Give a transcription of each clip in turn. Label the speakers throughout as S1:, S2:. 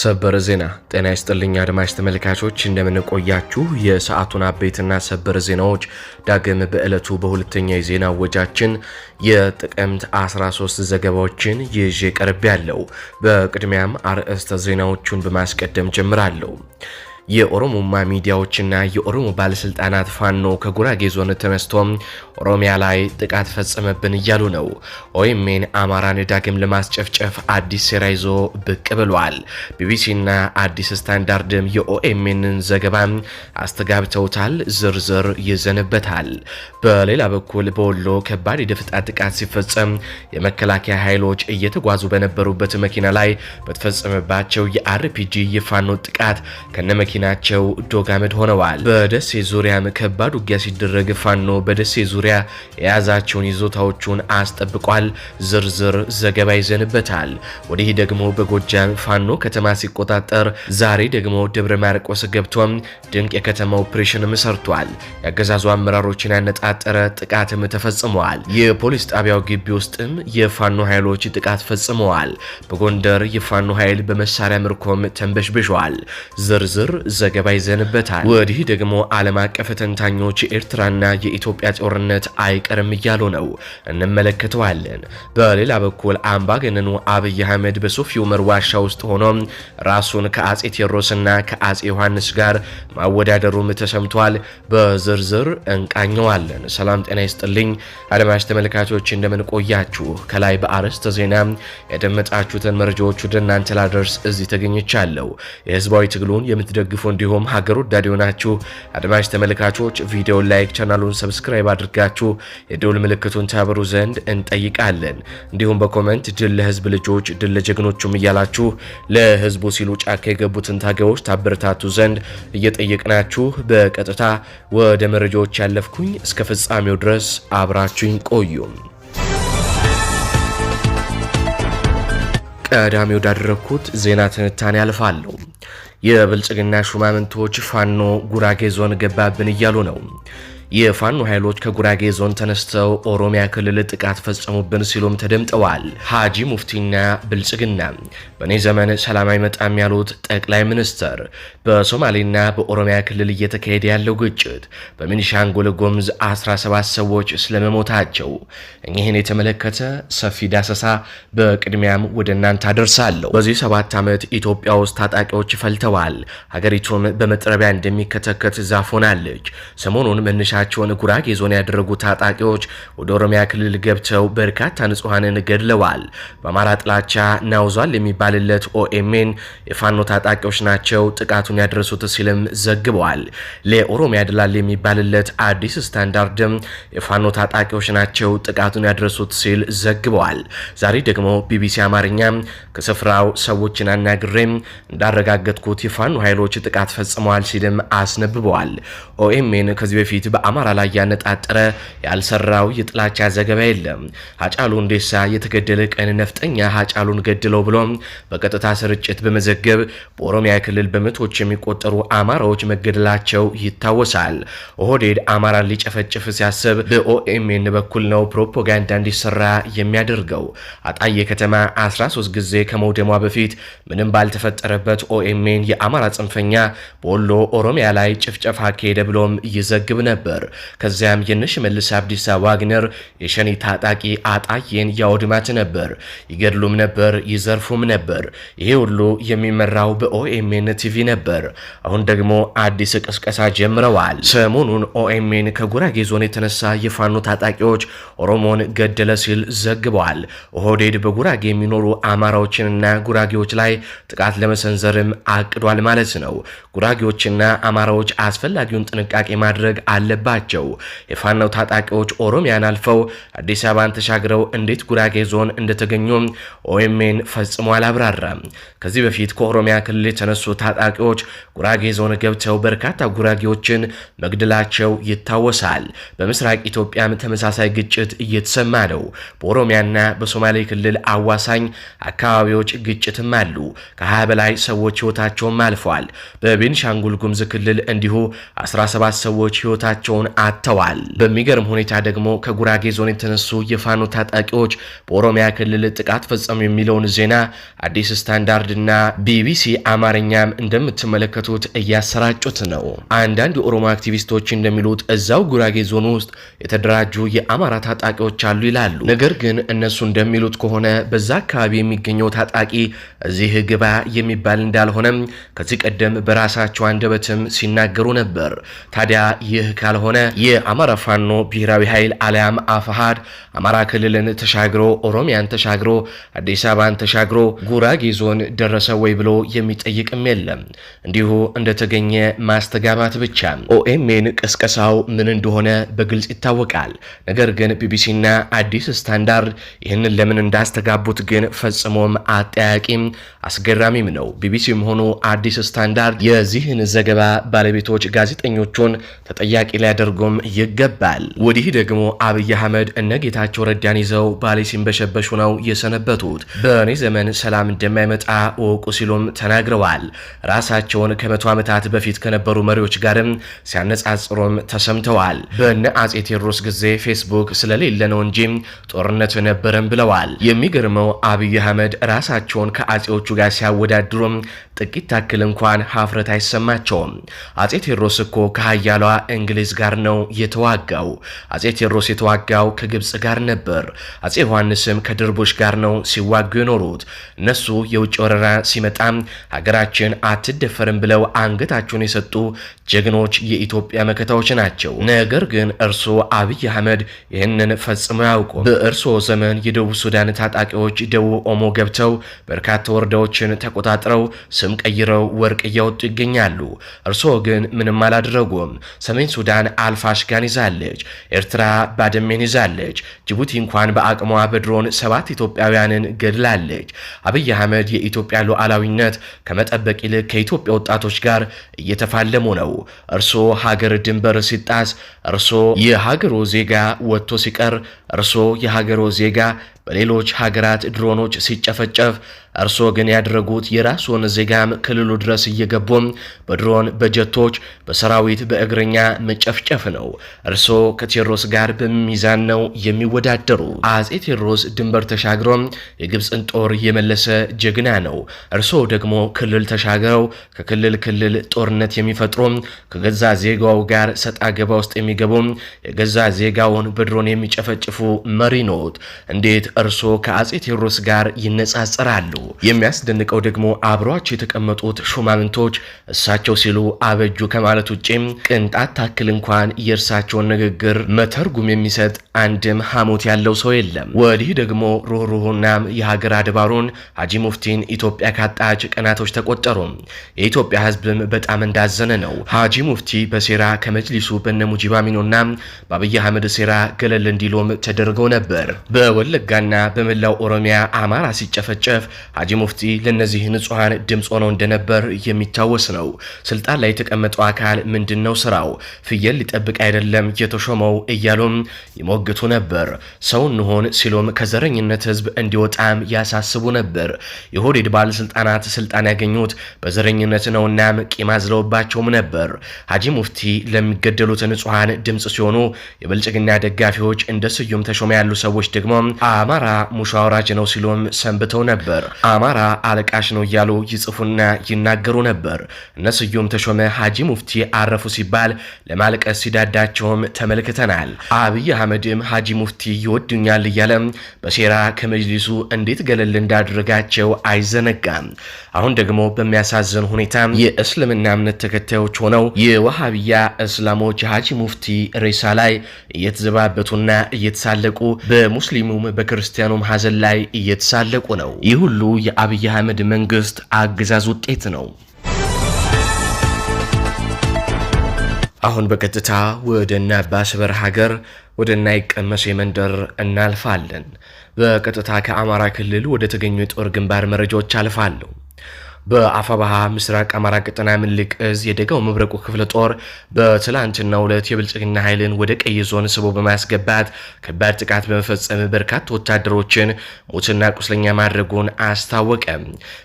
S1: ሰበር ዜና ጤና ይስጥልኝ አድማጭ ተመልካቾች፣ እንደምንቆያችሁ የሰዓቱን አበይትና ሰበር ዜናዎች ዳግም በዕለቱ በሁለተኛ የዜና ወጃችን የጥቅምት 13 ዘገባዎችን ይዤ ቀርቤ ያለው። በቅድሚያም አርዕስተ ዜናዎቹን በማስቀደም ጀምራለሁ። የኦሮሞማ ሚዲያዎችና የኦሮሞ ባለስልጣናት ፋኖ ከጉራጌ ዞን ተነስቶ ኦሮሚያ ላይ ጥቃት ፈጸመብን እያሉ ነው። ኦኤምኤን አማራን ዳግም ለማስጨፍጨፍ አዲስ ሴራ ይዞ ብቅ ብሏል። ቢቢሲና አዲስ ስታንዳርድም የኦኤምኤንን ዘገባ አስተጋብተውታል። ዝርዝር ይዘንበታል። በሌላ በኩል በወሎ ከባድ የደፈጣ ጥቃት ሲፈጸም የመከላከያ ኃይሎች እየተጓዙ በነበሩበት መኪና ላይ በተፈጸመባቸው የአርፒጂ የፋኖ ጥቃት ከነመኪና መኪናቸው ዶጋመድ ሆነዋል። በደሴ ዙሪያም ከባድ ውጊያ ሲደረግ ፋኖ በደሴ ዙሪያ የያዛቸውን ይዞታዎቹን አስጠብቋል። ዝርዝር ዘገባ ይዘንበታል። ወዲህ ደግሞ በጎጃም ፋኖ ከተማ ሲቆጣጠር፣ ዛሬ ደግሞ ደብረ ማርቆስ ገብቶም ድንቅ የከተማ ኦፕሬሽንም ሰርቷል። የአገዛዙ አመራሮችን ያነጣጠረ ጥቃትም ተፈጽመዋል። የፖሊስ ጣቢያው ግቢ ውስጥም የፋኖ ኃይሎች ጥቃት ፈጽመዋል። በጎንደር የፋኖ ኃይል በመሳሪያ ምርኮም ተንበሽብሸዋል። ዝርዝር ዘገባ ይዘንበታል። ወዲህ ደግሞ ዓለም አቀፍ ተንታኞች የኤርትራና የኢትዮጵያ ጦርነት አይቀርም እያሉ ነው፣ እንመለከተዋለን። በሌላ በኩል አምባገነኑ አብይ አህመድ በሶፊ ዑመር ዋሻ ውስጥ ሆኖ ራሱን ከአጼ ቴዎድሮስና ከአጼ ዮሐንስ ጋር ማወዳደሩም ተሰምቷል። በዝርዝር እንቃኘዋለን። ሰላም ጤና ይስጥልኝ አድማጭ ተመልካቾች እንደምን ቆያችሁ? ከላይ በአርዕስተ ዜና የደመጣችሁትን መረጃዎች ወደ እናንተ ላደርስ እዚህ ተገኝቻለሁ። የህዝባዊ ትግሉን የምትደግፉ ኢንፎ እንዲሁም ሀገር ወዳድ የሆናችሁ አድማጭ ተመልካቾች ቪዲዮን ላይክ፣ ቻናሉን ሰብስክራይብ አድርጋችሁ የደውል ምልክቱን ታበሩ ዘንድ እንጠይቃለን። እንዲሁም በኮመንት ድል ለህዝብ ልጆች ድል ለጀግኖቹም እያላችሁ ለህዝቡ ሲሉ ጫካ የገቡትን ታጋዮች ታበረታቱ ዘንድ እየጠየቅናችሁ በቀጥታ ወደ መረጃዎች ያለፍኩኝ እስከ ፍጻሜው ድረስ አብራችሁኝ ቆዩም። ቀዳሚ ወዳደረግኩት ዜና ትንታኔ አልፋለሁ። የብልጽግና ሹማምንቶች ፋኖ ጉራጌ ዞን ገባብን እያሉ ነው። የፋኖ ኃይሎች ከጉራጌ ዞን ተነስተው ኦሮሚያ ክልል ጥቃት ፈጸሙብን ሲሉም ተደምጠዋል። ሀጂ ሙፍቲና ብልጽግና በእኔ ዘመን ሰላም አይመጣም ያሉት ጠቅላይ ሚኒስትር በሶማሌና በኦሮሚያ ክልል እየተካሄደ ያለው ግጭት በቤኒሻንጉል ጉሙዝ 17 ሰዎች ስለመሞታቸው እኚህን የተመለከተ ሰፊ ዳሰሳ በቅድሚያም ወደ እናንተ አደርሳለሁ። በዚህ ሰባት ዓመት ኢትዮጵያ ውስጥ ታጣቂዎች ፈልተዋል። ሀገሪቱም በመጥረቢያ እንደሚከተከት ዛፍ ሆናለች። ሰሞኑን መነሻ መግባታቸውን ጉራጌ ዞን ያደረጉ ታጣቂዎች ወደ ኦሮሚያ ክልል ገብተው በርካታ ንጹሐንን ገድለዋል። በአማራ ጥላቻ ናውዟል የሚባልለት ኦኤምኤን የፋኖ ታጣቂዎች ናቸው ጥቃቱን ያደረሱት ሲልም ዘግበዋል። ለኦሮሚያ ድላል የሚባልለት አዲስ ስታንዳርድም የፋኖ ታጣቂዎች ናቸው ጥቃቱን ያደረሱት ሲል ዘግበዋል። ዛሬ ደግሞ ቢቢሲ አማርኛ ከስፍራው ሰዎችን አናግሬም እንዳረጋገጥኩት የፋኖ ኃይሎች ጥቃት ፈጽመዋል ሲልም አስነብበዋል። ኦኤምኤን ከዚህ በፊት በአ አማራ ላይ ያነጣጠረ ያልሰራው የጥላቻ ዘገባ የለም። ሀጫሉ ሁንዴሳ የተገደለ ቀን ነፍጠኛ ሀጫሉን ገድለው ብሎ በቀጥታ ስርጭት በመዘገብ በኦሮሚያ ክልል በመቶዎች የሚቆጠሩ አማራዎች መገደላቸው ይታወሳል። ኦህዴድ አማራን ሊጨፈጭፍ ሲያስብ በኦኤምኤን በኩል ነው ፕሮፓጋንዳ እንዲሰራ የሚያደርገው። አጣዬ ከተማ 13 ጊዜ ከመውደሟ በፊት ምንም ባልተፈጠረበት ኦኤምኤን የአማራ ጽንፈኛ በወሎ ኦሮሚያ ላይ ጭፍጨፋ ካሄደ ብሎም ይዘግብ ነበር። ነበር። ከዚያም የነሽመልስ አብዲሳ ዋግነር የሸኔ ታጣቂ አጣዬን ያወድማት ነበር፣ ይገድሉም ነበር፣ ይዘርፉም ነበር። ይሄ ሁሉ የሚመራው በኦኤምኤን ቲቪ ነበር። አሁን ደግሞ አዲስ ቅስቀሳ ጀምረዋል። ሰሞኑን ኦኤምኤን ከጉራጌ ዞን የተነሳ የፋኖ ታጣቂዎች ኦሮሞን ገደለ ሲል ዘግበዋል። ኦህዴድ በጉራጌ የሚኖሩ አማራዎችንና ጉራጌዎች ላይ ጥቃት ለመሰንዘርም አቅዷል ማለት ነው። ጉራጌዎችና አማራዎች አስፈላጊውን ጥንቃቄ ማድረግ አለባቸው አለባቸው። የፋኖ ታጣቂዎች ኦሮሚያን አልፈው አዲስ አበባን ተሻግረው እንዴት ጉራጌ ዞን እንደተገኙ ኦኤምኤን ፈጽሞ አላብራራም። ከዚህ በፊት ከኦሮሚያ ክልል የተነሱ ታጣቂዎች ጉራጌ ዞን ገብተው በርካታ ጉራጌዎችን መግደላቸው ይታወሳል። በምስራቅ ኢትዮጵያም ተመሳሳይ ግጭት እየተሰማ ነው። በኦሮሚያና በሶማሌ ክልል አዋሳኝ አካባቢዎች ግጭትም አሉ። ከ20 በላይ ሰዎች ህይወታቸውም አልፈዋል በቤንሻንጉል ጉምዝ ክልል እንዲሁ 17 ሰዎች ህይወታቸውን ስማቸውን አጥተዋል። በሚገርም ሁኔታ ደግሞ ከጉራጌ ዞን የተነሱ የፋኖ ታጣቂዎች በኦሮሚያ ክልል ጥቃት ፈጸሙ የሚለውን ዜና አዲስ ስታንዳርድ እና ቢቢሲ አማርኛም እንደምትመለከቱት እያሰራጩት ነው። አንዳንድ የኦሮሞ አክቲቪስቶች እንደሚሉት እዛው ጉራጌ ዞን ውስጥ የተደራጁ የአማራ ታጣቂዎች አሉ ይላሉ። ነገር ግን እነሱ እንደሚሉት ከሆነ በዛ አካባቢ የሚገኘው ታጣቂ እዚህ ግባ የሚባል እንዳልሆነም ከዚህ ቀደም በራሳቸው አንደበትም ሲናገሩ ነበር። ታዲያ ይህ ካልሆነ ካልሆነ የአማራ ፋኖ ብሔራዊ ኃይል አሊያም አፋሃድ አማራ ክልልን ተሻግሮ ኦሮሚያን ተሻግሮ አዲስ አበባን ተሻግሮ ጉራጌ ዞን ደረሰ ወይ ብሎ የሚጠይቅም የለም። እንዲሁ እንደተገኘ ማስተጋባት ብቻ። ኦኤምኤን ቀስቀሳው ምን እንደሆነ በግልጽ ይታወቃል። ነገር ግን ቢቢሲና አዲስ ስታንዳርድ ይህንን ለምን እንዳስተጋቡት ግን ፈጽሞም አጠያቂም አስገራሚም ነው። ቢቢሲም ሆኑ አዲስ ስታንዳርድ የዚህን ዘገባ ባለቤቶች ጋዜጠኞቹን ተጠያቂ ላይ ሊያደርጉም ይገባል። ወዲህ ደግሞ አብይ አህመድ እነ ጌታቸው ረዳን ይዘው ባሌ ሲንበሸበሹ ነው የሰነበቱት። በእኔ ዘመን ሰላም እንደማይመጣ እወቁ ሲሉም ተናግረዋል። ራሳቸውን ከመቶ ዓመታት በፊት ከነበሩ መሪዎች ጋርም ሲያነጻጽሩም ተሰምተዋል። በእነ አጼ ቴዎድሮስ ጊዜ ፌስቡክ ስለሌለ ነው እንጂ ጦርነት ነበረም ብለዋል። የሚገርመው አብይ አህመድ ራሳቸውን ከአጼዎቹ ጋር ሲያወዳድሩም ጥቂት ታክል እንኳን ሀፍረት አይሰማቸውም። አጼ ቴዎድሮስ እኮ ከሀያሏ እንግሊዝ ጋር ነው የተዋጋው። አጼ ቴዎድሮስ የተዋጋው ከግብፅ ጋር ነበር። አጼ ዮሐንስም ከድርቦች ጋር ነው ሲዋጉ የኖሩት። እነሱ የውጭ ወረራ ሲመጣም ሀገራችን አትደፈርም ብለው አንገታቸውን የሰጡ ጀግኖች የኢትዮጵያ መከታዎች ናቸው። ነገር ግን እርሶ አብይ አህመድ ይህንን ፈጽሞ ያውቁ። በእርሶ ዘመን የደቡብ ሱዳን ታጣቂዎች ደቡብ ኦሞ ገብተው በርካታ ወረዳዎችን ተቆጣጥረው ስም ቀይረው ወርቅ እያወጡ ይገኛሉ። እርሶ ግን ምንም አላደረጉም። ሰሜን ሱዳን አልፋሽጋን ይዛለች፣ ኤርትራ ባደሜን ይዛለች። ጅቡቲ እንኳን በአቅሟ በድሮን ሰባት ኢትዮጵያውያንን ገድላለች። አብይ አህመድ የኢትዮጵያ ሉዓላዊነት ከመጠበቅ ይልቅ ከኢትዮጵያ ወጣቶች ጋር እየተፋለሙ ነው። እርሶ ሀገር ድንበር ሲጣስ፣ እርሶ የሀገሮ ዜጋ ወጥቶ ሲቀር፣ እርሶ የሀገሮ ዜጋ በሌሎች ሀገራት ድሮኖች ሲጨፈጨፍ እርስዎ ግን ያደረጉት የራስዎን ዜጋም ክልሉ ድረስ እየገቡም በድሮን በጀቶች በሰራዊት በእግረኛ መጨፍጨፍ ነው። እርስዎ ከቴዎድሮስ ጋር በሚዛን ነው የሚወዳደሩ። አጼ ቴዎድሮስ ድንበር ተሻግሮም የግብፅን ጦር የመለሰ ጀግና ነው። እርስዎ ደግሞ ክልል ተሻግረው ከክልል ክልል ጦርነት የሚፈጥሩ ከገዛ ዜጋው ጋር ሰጣ ገባ ውስጥ የሚገቡ የገዛ ዜጋውን በድሮን የሚጨፈጭፉ መሪ ኖት። እንዴት እርስዎ ከአጼ ቴዎድሮስ ጋር ይነጻጸራሉ። የሚያስደንቀው ደግሞ አብሯቸው የተቀመጡት ሹማምንቶች እሳቸው ሲሉ አበጁ ከማለት ውጭም ቅንጣት ታክል እንኳን የእርሳቸውን ንግግር መተርጉም የሚሰጥ አንድም ሐሞት ያለው ሰው የለም። ወዲህ ደግሞ ሩህሩህናም የሀገር አድባሩን ሀጂ ሙፍቲን ኢትዮጵያ ካጣች ቀናቶች ተቆጠሩ። የኢትዮጵያ ህዝብም በጣም እንዳዘነ ነው። ሀጂ ሙፍቲ በሴራ ከመጅሊሱ በነ ሚኖና በአብይ አህመድ ሴራ ገለል እንዲሎም ተደርገው ነበር። በወለጋ ና በመላው ኦሮሚያ አማራ ሲጨፈጨፍ ሀጂ ሙፍቲ ለእነዚህ ንጹሐን ድምፅ ሆነው እንደነበር የሚታወስ ነው። ስልጣን ላይ የተቀመጠው አካል ምንድን ነው ስራው? ፍየል ሊጠብቅ አይደለም የተሾመው እያሉም ይሞግቱ ነበር። ሰው እንሆን ሲሉም ከዘረኝነት ህዝብ እንዲወጣም ያሳስቡ ነበር። የሆዴድ ባለስልጣናት ስልጣን ያገኙት በዘረኝነት ነውና ቂም አዝለውባቸውም ነበር። ሀጂ ሙፍቲ ለሚገደሉት ንጹሐን ድምፅ ሲሆኑ የብልጽግና ደጋፊዎች እንደ ስዩም ተሾመ ያሉ ሰዎች ደግሞ አማራ ሙሻወራጅ ነው ሲሉም ሰንብተው ነበር። አማራ አለቃሽ ነው እያሉ ይጽፉና ይናገሩ ነበር። እነስዩም ተሾመ ሀጂ ሙፍቲ አረፉ ሲባል ለማልቀስ ሲዳዳቸውም ተመልክተናል። አብይ አህመድም ሀጂ ሙፍቲ ይወዱኛል እያለም በሴራ ከመጅሊሱ እንዴት ገለል እንዳደረጋቸው አይዘነጋም። አሁን ደግሞ በሚያሳዝን ሁኔታ የእስልምና እምነት ተከታዮች ሆነው የዋሃብያ እስላሞች የሀጂ ሙፍቲ ሬሳ ላይ እየተዘባበቱና እየተሳለቁ በሙስሊሙም በክር ክርስቲያኑም ሀዘን ላይ እየተሳለቁ ነው። ይህ ሁሉ የአብይ አህመድ መንግስት አገዛዝ ውጤት ነው። አሁን በቀጥታ ወደ እነ አባስ በር ሀገር ወደ እናይቀመስ የመንደር እናልፋለን። በቀጥታ ከአማራ ክልል ወደ ተገኙ የጦር ግንባር መረጃዎች አልፋለሁ። በአፋባሃ ምስራቅ አማራ ቀጠና ምንልቅ እዝ የደጋው መብረቁ ክፍለ ጦር በትላንትናው ዕለት የብልጽግና ኃይልን ወደ ቀይ ዞን ስቦ በማስገባት ከባድ ጥቃት በመፈጸም በርካታ ወታደሮችን ሞትና ቁስለኛ ማድረጉን አስታወቀ።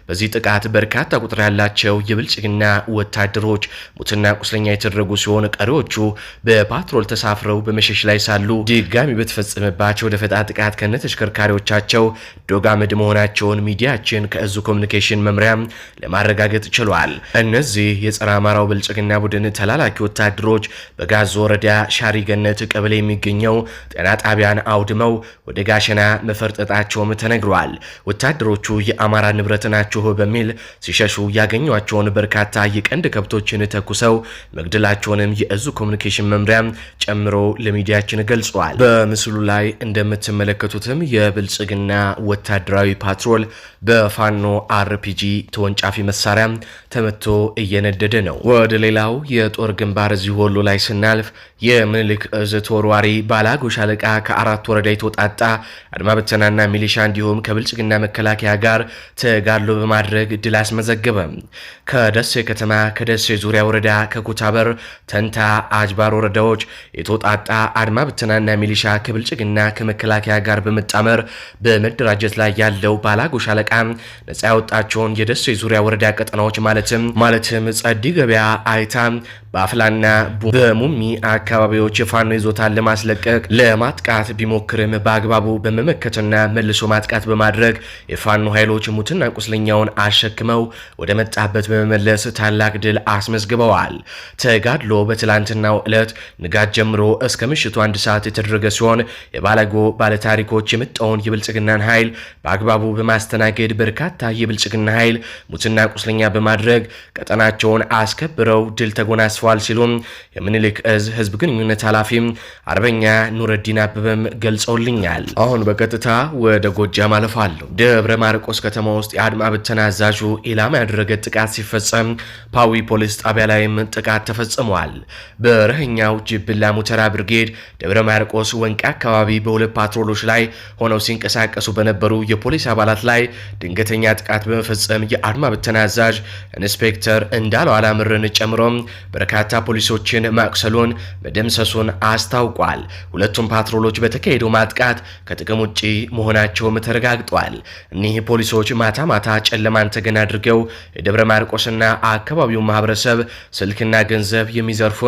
S1: በዚህ ጥቃት በርካታ ቁጥር ያላቸው የብልጽግና ወታደሮች ሞትና ቁስለኛ የተደረጉ ሲሆን ቀሪዎቹ በፓትሮል ተሳፍረው በመሸሽ ላይ ሳሉ ድጋሚ በተፈጸመባቸው ደፈጣ ጥቃት ከነ ተሽከርካሪዎቻቸው ዶግ መሆናቸውን ሚዲያችን ከእዙ ኮሚኒኬሽን መምሪያ ለማረጋገጥ ችሏል። እነዚህ የጸረ አማራው ብልጽግና ቡድን ተላላኪ ወታደሮች በጋዞ ወረዳ ሻሪገነት ቀበሌ የሚገኘው ጤና ጣቢያን አውድመው ወደ ጋሸና መፈርጠጣቸውም ተነግሯል። ወታደሮቹ የአማራ ንብረት ናችሁ በሚል ሲሸሹ ያገኟቸውን በርካታ የቀንድ ከብቶችን ተኩሰው መግደላቸውንም የእዙ ኮሚኒኬሽን መምሪያ ጨምሮ ለሚዲያችን ገልጿል። በምስሉ ላይ እንደምትመለከቱትም የብልጽግና ወታደራዊ ፓትሮል በፋኖ አርፒጂ ተወንጫ አስወንጫፊ መሳሪያ ተመቶ እየነደደ ነው። ወደ ሌላው የጦር ግንባር እዚሁ ወሎ ላይ ስናልፍ የምኒልክ እዝ ተወርዋሪ ባላጎ ሻለቃ ከአራት ወረዳ የተወጣጣ አድማ ሚሊሻ እንዲሁም ከብልጽግና መከላከያ ጋር ተጋድሎ በማድረግ ድል አስመዘገበ። ከደሴ ከተማ፣ ከደሴ ዙሪያ ወረዳ፣ ከኩታበር፣ ተንታ፣ አጅባር ወረዳዎች የተወጣጣ አድማ በተናና ሚሊሻ ከብልጽግና ከመከላከያ ጋር በመጣመር በመደራጀት ላይ ያለው ባላጎ ሻለቃ ነጻ ያወጣቸውን የደሴ ዙሪያ ገበያ ወረዳ ቀጠናዎች ማለትም ማለትም ጸዲ ገበያ፣ አይታ፣ በአፍላና በሙሚ አካባቢዎች የፋኖ ይዞታን ለማስለቀቅ ለማጥቃት ቢሞክርም በአግባቡ በመመከትና መልሶ ማጥቃት በማድረግ የፋኖ ኃይሎች ሙትና ቁስለኛውን አሸክመው ወደ መጣበት በመመለስ ታላቅ ድል አስመዝግበዋል። ተጋድሎ በትላንትናው ዕለት ንጋት ጀምሮ እስከ ምሽቱ አንድ ሰዓት የተደረገ ሲሆን የባለጎ ባለታሪኮች የመጣውን የብልጽግናን ኃይል በአግባቡ በማስተናገድ በርካታ የብልጽግና ኃይል ሙት ሙትና ቁስለኛ በማድረግ ቀጠናቸውን አስከብረው ድል ተጎናስፈዋል ሲሉም የምኒልክ እዝ ህዝብ ግንኙነት ኃላፊም አርበኛ ኑረዲን አበበም ገልጸውልኛል። አሁን በቀጥታ ወደ ጎጃም አለፋለሁ። ደብረ ማርቆስ ከተማ ውስጥ የአድማ ብተና አዛዡ ኢላማ ያደረገ ጥቃት ሲፈጸም ፓዊ ፖሊስ ጣቢያ ላይም ጥቃት ተፈጽሟል። በረህኛው ጅብላ ሙተራ ብርጌድ ደብረ ማርቆስ ወንቂ አካባቢ በሁለት ፓትሮሎች ላይ ሆነው ሲንቀሳቀሱ በነበሩ የፖሊስ አባላት ላይ ድንገተኛ ጥቃት በመፈጸም የአድማ ብተና አዛዥ ኢንስፔክተር እንዳለው አላምርን ጨምሮ በርካታ ፖሊሶችን ማቁሰሉን መደምሰሱን አስታውቋል። ሁለቱም ፓትሮሎች በተካሄደው ማጥቃት ከጥቅም ውጪ መሆናቸውም ተረጋግጧል። እኒህ ፖሊሶች ማታ ማታ ጨለማን ተገን አድርገው የደብረ ማርቆስና አካባቢውን ማህበረሰብ ስልክና ገንዘብ የሚዘርፉ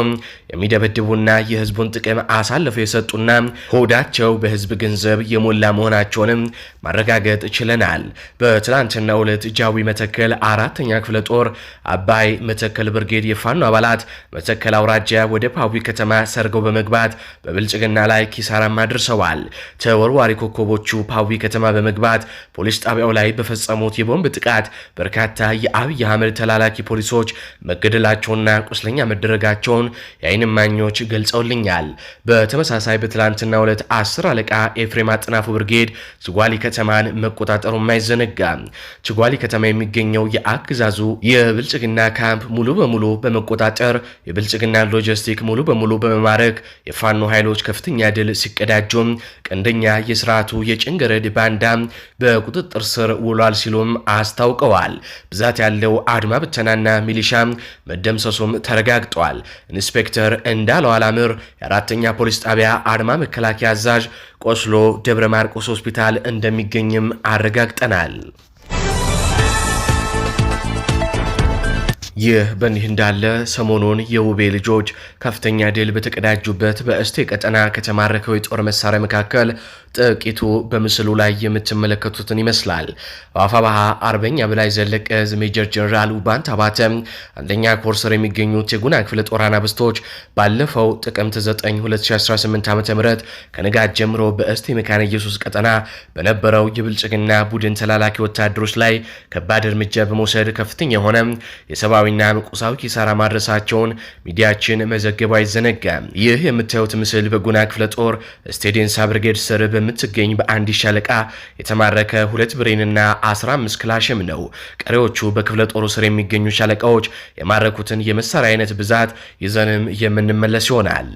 S1: የሚደበድቡና የህዝቡን ጥቅም አሳልፈው የሰጡና ሆዳቸው በህዝብ ገንዘብ የሞላ መሆናቸውንም ማረጋገጥ ችለናል። በትላንትና ሁለት ጃዊ መተከል አራተኛ ክፍለ ጦር አባይ መተከል ብርጌድ የፋኖ አባላት መተከል አውራጃ ወደ ፓዊ ከተማ ሰርገው በመግባት በብልጽግና ላይ ኪሳራም አድርሰዋል። ተወርዋሪ ኮከቦቹ ፓዊ ከተማ በመግባት ፖሊስ ጣቢያው ላይ በፈጸሙት የቦምብ ጥቃት በርካታ የአብይ አህመድ ተላላኪ ፖሊሶች መገደላቸውና ቁስለኛ መደረጋቸውን የአይን እማኞች ገልጸውልኛል። በተመሳሳይ በትላንትና ሁለት አስር አለቃ ኤፍሬም አጥናፉ ብርጌድ ችጓሊ ከተማን መቆጣጠሩም አይዘነጋም። ችጓሊ ከተማ የሚገኘው በሚገኘው የአገዛዙ የብልጽግና ካምፕ ሙሉ በሙሉ በመቆጣጠር የብልጽግና ሎጂስቲክ ሙሉ በሙሉ በመማረክ የፋኖ ኃይሎች ከፍተኛ ድል ሲቀዳጁም ቀንደኛ የስርዓቱ የጭንገረድ ባንዳ በቁጥጥር ስር ውሏል ሲሉም አስታውቀዋል። ብዛት ያለው አድማ ብተናና ሚሊሻ መደምሰሱም ተረጋግጧል። ኢንስፔክተር እንዳለው አላምር የአራተኛ ፖሊስ ጣቢያ አድማ መከላከያ አዛዥ ቆስሎ ደብረ ማርቆስ ሆስፒታል እንደሚገኝም አረጋግጠናል። ይህ በእንዲህ እንዳለ ሰሞኑን የውቤ ልጆች ከፍተኛ ድል በተቀዳጁበት በእስቴ ቀጠና ከተማረከው የጦር መሳሪያ መካከል ጥቂቱ በምስሉ ላይ የምትመለከቱትን ይመስላል። በአፋባሃ አርበኛ በላይ ዘለቀ ሜጀር ጀኔራል ውባንት አባተ አንደኛ ኮርሰር የሚገኙት የጉና ክፍለ ጦር አናብስቶች ባለፈው ጥቅምት 9 2018 ዓ ም ከንጋት ጀምሮ በእስቴ መካነ ኢየሱስ ቀጠና በነበረው የብልጽግና ቡድን ተላላኪ ወታደሮች ላይ ከባድ እርምጃ በመውሰድ ከፍተኛ የሆነ የሰብአዊ ሰብአዊና ቁሳዊ ኪሳራ ማድረሳቸውን ሚዲያችን መዘገቡ አይዘነጋም። ይህ የምታዩት ምስል በጉና ክፍለ ጦር ስቴዲን ሳብርጌድ ስር በምትገኝ በአንድ ሻለቃ የተማረከ ሁለት ብሬንና 15 ክላሽም ነው። ቀሪዎቹ በክፍለ ጦሩ ስር የሚገኙ ሻለቃዎች የማረኩትን የመሳሪያ አይነት ብዛት ይዘንም የምንመለስ ይሆናል።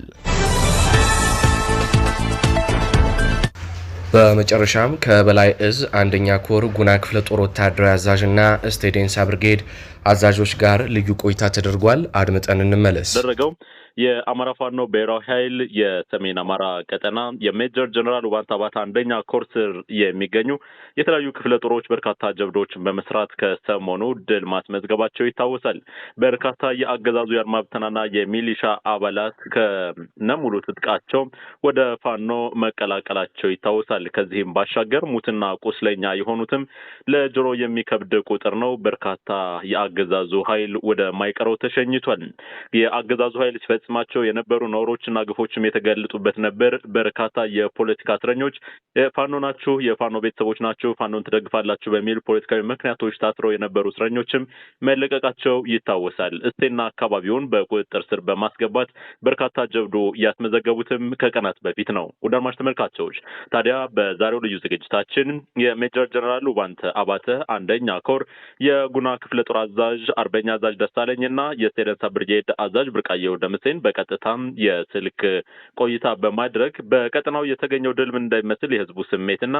S1: በመጨረሻም ከበላይ እዝ አንደኛ ኮር ጉና ክፍለ ጦር ወታደራዊ አዛዥና ስቴዴንሳ ብርጌድ አዛዦች ጋር ልዩ ቆይታ ተደርጓል። አድምጠን እንመለስ።
S2: የአማራ ፋኖ ብሔራዊ ኃይል የሰሜን አማራ ቀጠና የሜጀር ጀነራል ውባንታ ባታ አንደኛ ኮር የሚገኙ የተለያዩ ክፍለ ጦሮች በርካታ ጀብዶችን በመስራት ከሰሞኑ ድል ማስመዝገባቸው ይታወሳል። በርካታ የአገዛዙ የአድማ ብተናና የሚሊሻ አባላት ከነሙሉ ትጥቃቸው ወደ ፋኖ መቀላቀላቸው ይታወሳል። ከዚህም ባሻገር ሙትና ቁስለኛ የሆኑትም ለጆሮ የሚከብድ ቁጥር ነው። በርካታ የአገዛዙ ኃይል ወደ ማይቀረው ተሸኝቷል። የአገዛዙ ኃይል ሲፈጽማቸው የነበሩ ነውሮችና ግፎችም የተገለጡበት ነበር። በርካታ የፖለቲካ እስረኞች ፋኖ ናችሁ፣ የፋኖ ቤተሰቦች ናችሁ፣ ፋኖን ትደግፋላችሁ በሚል ፖለቲካዊ ምክንያቶች ታስረው የነበሩ እስረኞችም መለቀቃቸው ይታወሳል። እስቴና አካባቢውን በቁጥጥር ስር በማስገባት በርካታ ጀብዶ ያስመዘገቡትም ከቀናት በፊት ነው። ውድ ተመልካቾች ታዲያ በዛሬው ልዩ ዝግጅታችን የሜጀር ጀነራል ውባንተ አባተ አንደኛ ኮር የጉና ክፍለ ጦር አዛዥ አርበኛ አዛዥ ደሳለኝ እና የስቴደንሳ ብርጌድ አዛዥ ብርቃየው ደምሴ ሁሴን በቀጥታም የስልክ ቆይታ በማድረግ በቀጠናው የተገኘው ድል ምን እንዳይመስል የህዝቡ ስሜትና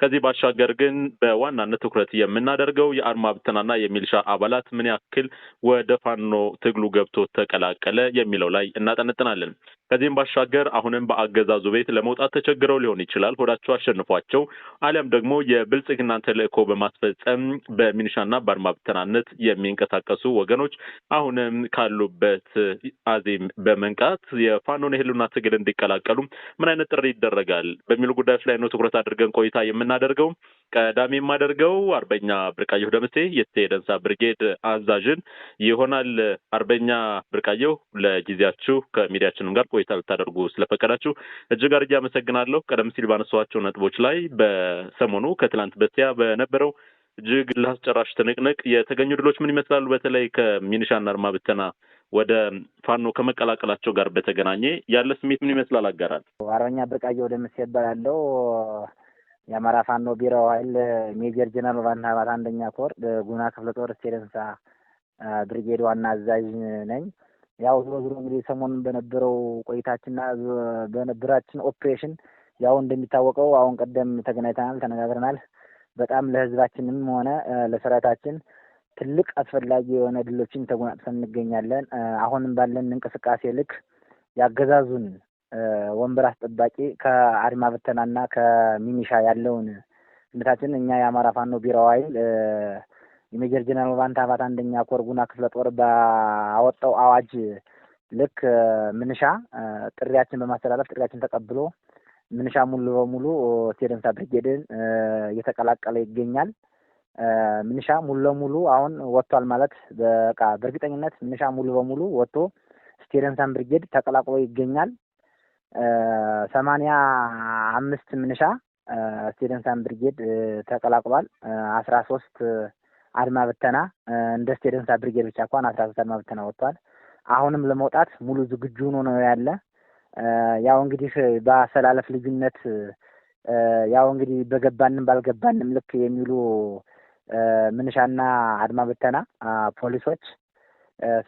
S2: ከዚህ ባሻገር ግን በዋናነት ትኩረት የምናደርገው የአድማ ብትናና የሚልሻ አባላት ምን ያክል ወደ ፋኖ ትግሉ ገብቶ ተቀላቀለ የሚለው ላይ እናጠነጥናለን። ከዚህም ባሻገር አሁንም በአገዛዙ ቤት ለመውጣት ተቸግረው ሊሆን ይችላል። ሆዳቸው አሸንፏቸው አሊያም ደግሞ የብልጽግናን ተልእኮ በማስፈጸም በሚኒሻና በአድማ ብተናነት የሚንቀሳቀሱ ወገኖች አሁንም ካሉበት አዚም በመንቃት የፋኖን የህልውና ትግል እንዲቀላቀሉ ምን አይነት ጥሪ ይደረጋል በሚሉ ጉዳዮች ላይ ነው ትኩረት አድርገን ቆይታ የምናደርገው። ቀዳሚ የማደርገው አርበኛ ብርቃየሁ ደምሴ የስቴ ደንሳ ብርጌድ አዛዥን ይሆናል። አርበኛ ብርቃየሁ ለጊዜያችሁ ከሚዲያችንም ጋር ቆይታ ልታደርጉ ስለፈቀዳችሁ እጅግ አድርጌ አመሰግናለሁ። ቀደም ሲል ባነሷቸው ነጥቦች ላይ በሰሞኑ ከትላንት በስቲያ በነበረው እጅግ ላስጨራሽ ትንቅንቅ የተገኙ ድሎች ምን ይመስላሉ? በተለይ ከሚኒሻና አርማ ብተና ወደ ፋኖ ከመቀላቀላቸው ጋር በተገናኘ ያለ ስሜት ምን ይመስላል? አጋራል።
S3: አርበኛ ወደ ምስ ይባላለው የአማራ ፋኖ ቢሮ ኃይል ሜጀር ጀነራል ባንታ አባት አንደኛ ኮር ጉና ክፍለ ጦር ስቴደንሳ ብሪጌድ ዋና አዛዥ ነኝ። ያው ዞሮ ዞሮ እንግዲህ ሰሞኑን በነበረው ቆይታችንና በነበራችን ኦፕሬሽን ያው እንደሚታወቀው አሁን ቀደም ተገናኝተናል፣ ተነጋግረናል። በጣም ለህዝባችንም ሆነ ለሰራዊታችን ትልቅ አስፈላጊ የሆነ ድሎችን ተጎናጽፈን እንገኛለን። አሁንም ባለን እንቅስቃሴ ልክ ያገዛዙን ወንበር አስጠባቂ ከአድማ ብተናና ከሚኒሻ ያለውን ስነታችን እኛ የአማራ ፋኖ ቢራው ኃይል የሜጀር ጀነራል ባንታባት አንደኛ ኮር ጉና ክፍለ ጦር ባወጣው አዋጅ ልክ ምንሻ ጥሪያችን በማስተላለፍ ጥሪያችን ተቀብሎ ምንሻ ሙሉ በሙሉ ቴደንሳ ብርጌድን እየተቀላቀለ ይገኛል። ምንሻ ሙሉ ለሙሉ አሁን ወጥቷል ማለት በቃ በእርግጠኝነት ምንሻ ሙሉ በሙሉ ወጥቶ ስቴደንሳን ብርጌድ ተቀላቅሎ ይገኛል። ሰማንያ አምስት ምንሻ ስቴደንሳን ብርጌድ ተቀላቅሏል። አስራ ሶስት አድማ ብተና እንደ ስቴደንሳ ብርጌድ ብቻ እንኳን አስራ ሶስት አድማ ብተና ወጥቷል። አሁንም ለመውጣት ሙሉ ዝግጁ ሆኖ ነው ያለ። ያው እንግዲህ በአሰላለፍ ልዩነት ያው እንግዲህ በገባንም ባልገባንም ልክ የሚሉ ምንሻና አድማ ብተና ፖሊሶች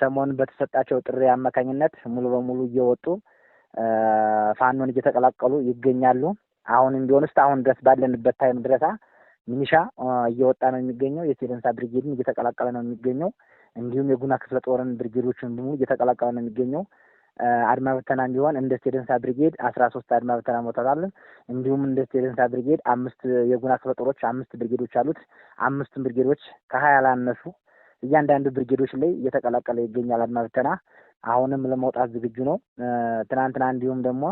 S3: ሰሞኑን በተሰጣቸው ጥሪ አማካኝነት ሙሉ በሙሉ እየወጡ ፋኖን እየተቀላቀሉ ይገኛሉ። አሁንም ቢሆን ውስጥ አሁን ድረስ ባለንበት ታይም ድረሳ ሚኒሻ እየወጣ ነው የሚገኘው። የሴደንሳ ብርጌድን እየተቀላቀለ ነው የሚገኘው። እንዲሁም የጉና ክፍለ ጦርን ብርጌዶችን በሙሉ እየተቀላቀለ ነው የሚገኘው። አድማ ብተና ቢሆን እንደ ስቴደንሳ ብሪጌድ አስራ ሶስት አድማ በተና ሞታታለን። እንዲሁም እንደ ስቴደንሳ ብሪጌድ አምስት የጉና ክፍለ ጦሮች አምስት ብርጌዶች አሉት። አምስቱን ብርጌዶች ከሀያ ላነሱ እያንዳንዱ ብርጌዶች ላይ እየተቀላቀለ ይገኛል አድማ በተና። አሁንም ለመውጣት ዝግጁ ነው። ትናንትና እንዲሁም ደግሞ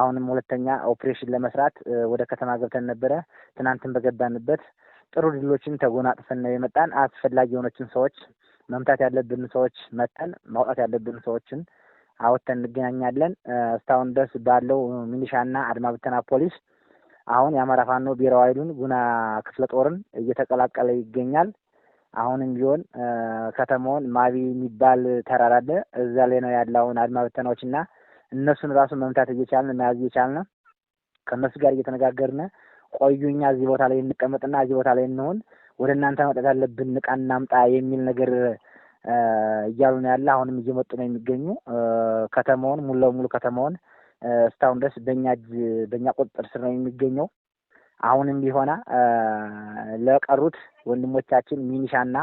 S3: አሁንም ሁለተኛ ኦፕሬሽን ለመስራት ወደ ከተማ ገብተን ነበረ። ትናንትን በገባንበት ጥሩ ድሎችን ተጎናጥፈን ነው የመጣን። አስፈላጊ የሆነችን ሰዎች መምታት ያለብን ሰዎች መተን ማውጣት ያለብን ሰዎችን አወጥተን እንገናኛለን። እስካሁን ድረስ ባለው ሚኒሻና አድማ ብተና ፖሊስ አሁን የአማራ ፋኖ ብሔራዊ ኃይሉን ጉና ክፍለ ጦርን እየተቀላቀለ ይገኛል። አሁንም ቢሆን ከተማውን ማቢ የሚባል ተራራ አለ። እዛ ላይ ነው ያለውን አድማ በተናዎች እና እነሱን ራሱ መምታት እየቻልን መያዝ እየቻልን ከእነሱ ጋር እየተነጋገርን ቆዩኛ እዚህ ቦታ ላይ እንቀመጥና እዚህ ቦታ ላይ እንሆን፣ ወደ እናንተ መጠት አለብን ዕቃ እናምጣ የሚል ነገር እያሉ ነው ያለ። አሁንም እየመጡ ነው የሚገኙ። ከተማውን ሙሉ ለሙሉ ከተማውን እስካሁን ድረስ በእኛ እጅ በእኛ ቁጥጥር ስር ነው የሚገኘው። አሁንም ቢሆና ለቀሩት ወንድሞቻችን ሚኒሻና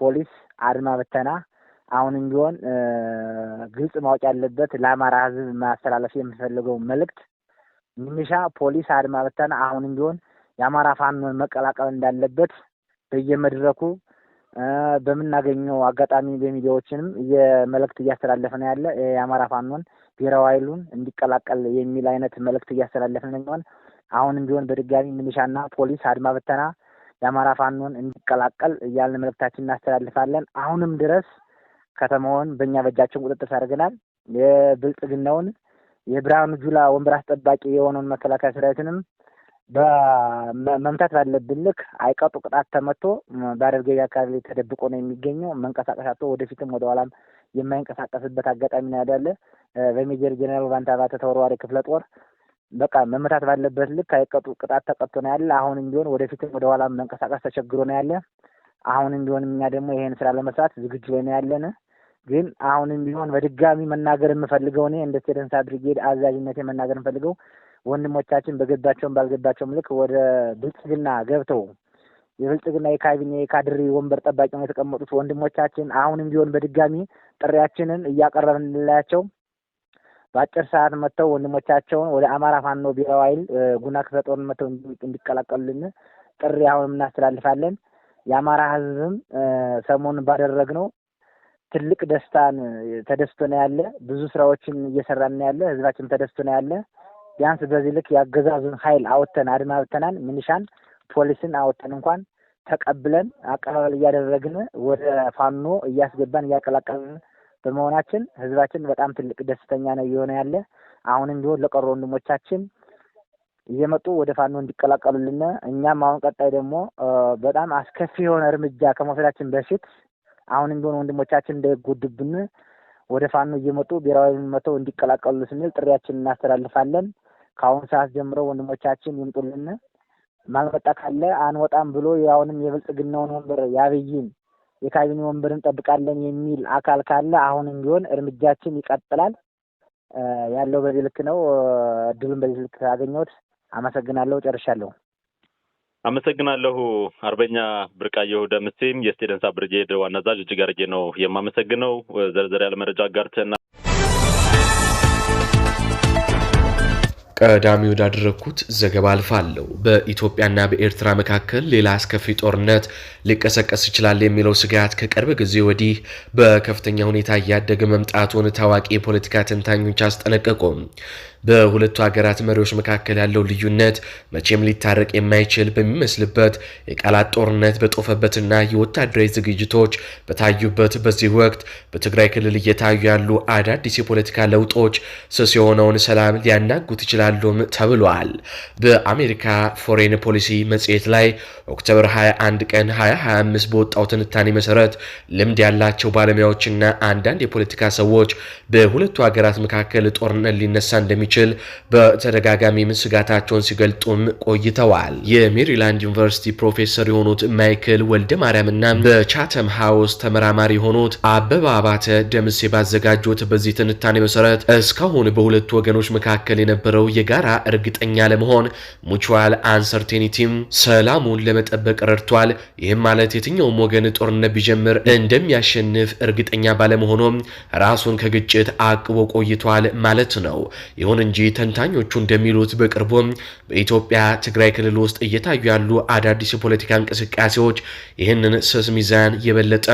S3: ፖሊስ፣ አድማ በተና አሁንም ቢሆን ግልጽ ማወቅ ያለበት ለአማራ ሕዝብ ማስተላለፍ የምፈልገው መልእክት ሚኒሻ፣ ፖሊስ፣ አድማ በተና አሁንም ቢሆን የአማራ ፋኖን መቀላቀል እንዳለበት በየመድረኩ በምናገኘው አጋጣሚ በሚዲያዎችንም የመልእክት ነው ያለ የአማራ ፋኖን ብሔራዊ ኃይሉን እንዲቀላቀል የሚል አይነት መልእክት እያስተላለፍን ነው። አሁንም ቢሆን በድጋሚ ምንሻና ፖሊስ አድማ በተና የአማራ ፋኖን እንዲቀላቀል እያልን መልእክታችን እናስተላልፋለን። አሁንም ድረስ ከተማውን በእኛ በእጃችን ቁጥጥር አድርገናል። የብልጽግናውን የብርሃኑ ጁላ ወንበር አስጠባቂ የሆነውን መከላከያ ሰራዊትንም በመምታት ባለብን ልክ አይቀጡ ቅጣት ተመቶ በአደርገቢ አካባቢ ተደብቆ ነው የሚገኘው። መንቀሳቀሳቶ ወደፊትም ወደ ኋላም የማይንቀሳቀስበት አጋጣሚ ነው በሜጀር ጀኔራል ባንታ ተወርዋሪ ክፍለ ጦር በቃ መመታት ባለበት ልክ አይቀጡ ቅጣት ተቀጥቶ ነው ያለ። አሁንም ቢሆን ወደፊትም ወደኋላ መንቀሳቀስ ተቸግሮ ነው ያለ። አሁንም ቢሆን እኛ ደግሞ ይሄን ስራ ለመስራት ዝግጁ ላይ ነው ያለን። ግን አሁንም ቢሆን በድጋሚ መናገር የምፈልገው እኔ እንደ ቴደንሳ ብሪጌድ አዛዥነት መናገር የምፈልገው ወንድሞቻችን በገባቸውም ባልገባቸውም ልክ ወደ ብልጽግና ገብተው የብልጽግና የካቢኔ የካድሪ ወንበር ጠባቂ የተቀመጡት ወንድሞቻችን አሁንም ቢሆን በድጋሚ ጥሪያችንን እያቀረብንላቸው በአጭር ሰዓት መጥተው ወንድሞቻቸውን ወደ አማራ ፋኖ ብሔራዊ ኃይል ጉና ክፍለ ጦር መጥተው እንዲቀላቀሉልን ጥሪ አሁንም እናስተላልፋለን። የአማራ ህዝብም ሰሞኑን ባደረግነው ትልቅ ደስታን ተደስቶ ነው ያለ። ብዙ ስራዎችን እየሰራ ነው ያለ። ህዝባችን ተደስቶ ነው ያለ። ቢያንስ በዚህ ልክ የአገዛዙን ኃይል አወጥተን አድማብተናል። ምንሻን ፖሊስን አወጥተን እንኳን ተቀብለን አቀባበል እያደረግን ወደ ፋኖ እያስገባን እያቀላቀልን በመሆናችን ህዝባችን በጣም ትልቅ ደስተኛ ነው እየሆነ ያለ። አሁንም ቢሆን ለቀሩ ወንድሞቻችን እየመጡ ወደ ፋኖ እንዲቀላቀሉልን እኛም አሁን ቀጣይ ደግሞ በጣም አስከፊ የሆነ እርምጃ ከመውሰዳችን በፊት አሁንም ቢሆን ወንድሞቻችን እንዳይጎድብን ወደ ፋኖ እየመጡ ብሔራዊ መተው እንዲቀላቀሉ ስንል ጥሪያችን እናስተላልፋለን። ከአሁን ሰዓት ጀምሮ ወንድሞቻችን ይምጡልን። ማልመጣ ካለ አንወጣም ብሎ አሁንም የብልጽግናውን ወንበር ያብይን የካቢኔ ወንበር እንጠብቃለን የሚል አካል ካለ አሁንም ቢሆን እርምጃችን ይቀጥላል። ያለው በዚህ ልክ ነው። እድሉን በዚህ ልክ አገኘሁት። አመሰግናለሁ። ጨርሻለሁ።
S2: አመሰግናለሁ አርበኛ ብርቃየሁ ደምሴም የስቴደንሳ ብርጌድ ዋና አዛዥ እጅግ አድርጌ ነው የማመሰግነው። ዘርዘር ያለ መረጃ ጋር
S1: ቀዳሚ ወዳደረግኩት ዘገባ አልፋለሁ። በኢትዮጵያና በኤርትራ መካከል ሌላ አስከፊ ጦርነት ሊቀሰቀስ ይችላል የሚለው ስጋት ከቅርብ ጊዜ ወዲህ በከፍተኛ ሁኔታ እያደገ መምጣቱን ታዋቂ የፖለቲካ ተንታኞች አስጠነቀቁ። በሁለቱ ሀገራት መሪዎች መካከል ያለው ልዩነት መቼም ሊታረቅ የማይችል በሚመስልበት የቃላት ጦርነት በጦፈበትና የወታደራዊ ዝግጅቶች በታዩበት በዚህ ወቅት በትግራይ ክልል እየታዩ ያሉ አዳዲስ የፖለቲካ ለውጦች ስስ የሆነውን ሰላም ሊያናጉት ይችላሉም ተብሏል። በአሜሪካ ፎሬን ፖሊሲ መጽሔት ላይ ኦክቶበር 21 ቀን 2025 በወጣው ትንታኔ መሰረት ልምድ ያላቸው ባለሙያዎችና አንዳንድ የፖለቲካ ሰዎች በሁለቱ ሀገራት መካከል ጦርነት ሊነሳ እንደሚ እንደሚችል በተደጋጋሚም ስጋታቸውን ሲገልጡም ቆይተዋል። የሜሪላንድ ዩኒቨርሲቲ ፕሮፌሰር የሆኑት ማይክል ወልደ ማርያምና በቻተም ሃውስ ተመራማሪ የሆኑት አበባ አባተ ደምሴ ባዘጋጁት በዚህ ትንታኔ መሰረት እስካሁን በሁለቱ ወገኖች መካከል የነበረው የጋራ እርግጠኛ ለመሆን ሙቹዋል አንሰርቴኒቲም ሰላሙን ለመጠበቅ ረድቷል። ይህም ማለት የትኛውም ወገን ጦርነት ቢጀምር እንደሚያሸንፍ እርግጠኛ ባለመሆኑም ራሱን ከግጭት አቅቦ ቆይቷል ማለት ነው። ይሁን እንጂ ተንታኞቹ እንደሚሉት በቅርቡ በኢትዮጵያ ትግራይ ክልል ውስጥ እየታዩ ያሉ አዳዲስ የፖለቲካ እንቅስቃሴዎች ይህንን ስስ ሚዛን የበለጠ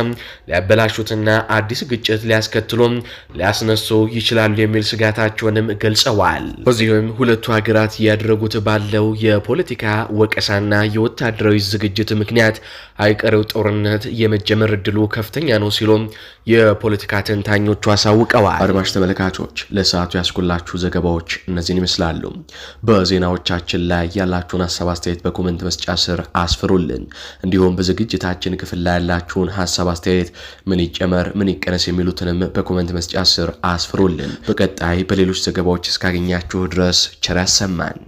S1: ሊያበላሹትና አዲስ ግጭት ሊያስከትሉ ሊያስነሱ ይችላሉ የሚል ስጋታቸውንም ገልጸዋል። በዚህም ሁለቱ ሀገራት እያደረጉት ባለው የፖለቲካ ወቀሳና የወታደራዊ ዝግጅት ምክንያት አይቀሬው ጦርነት የመጀመር እድሉ ከፍተኛ ነው ሲሉ የፖለቲካ ተንታኞቹ አሳውቀዋል። አድማሽ ተመልካቾች ለሰዓቱ ያስኩላችሁ ዘገባዎች እነዚህን ይመስላሉ። በዜናዎቻችን ላይ ያላችሁን ሀሳብ አስተያየት በኮመንት መስጫ ስር አስፍሩልን። እንዲሁም በዝግጅታችን ክፍል ላይ ያላችሁን ሀሳብ አስተያየት፣ ምን ይጨመር ምን ይቀነስ የሚሉትንም በኮመንት መስጫ ስር አስፍሩልን። በቀጣይ በሌሎች ዘገባዎች እስካገኛችሁ ድረስ ቸር ያሰማን።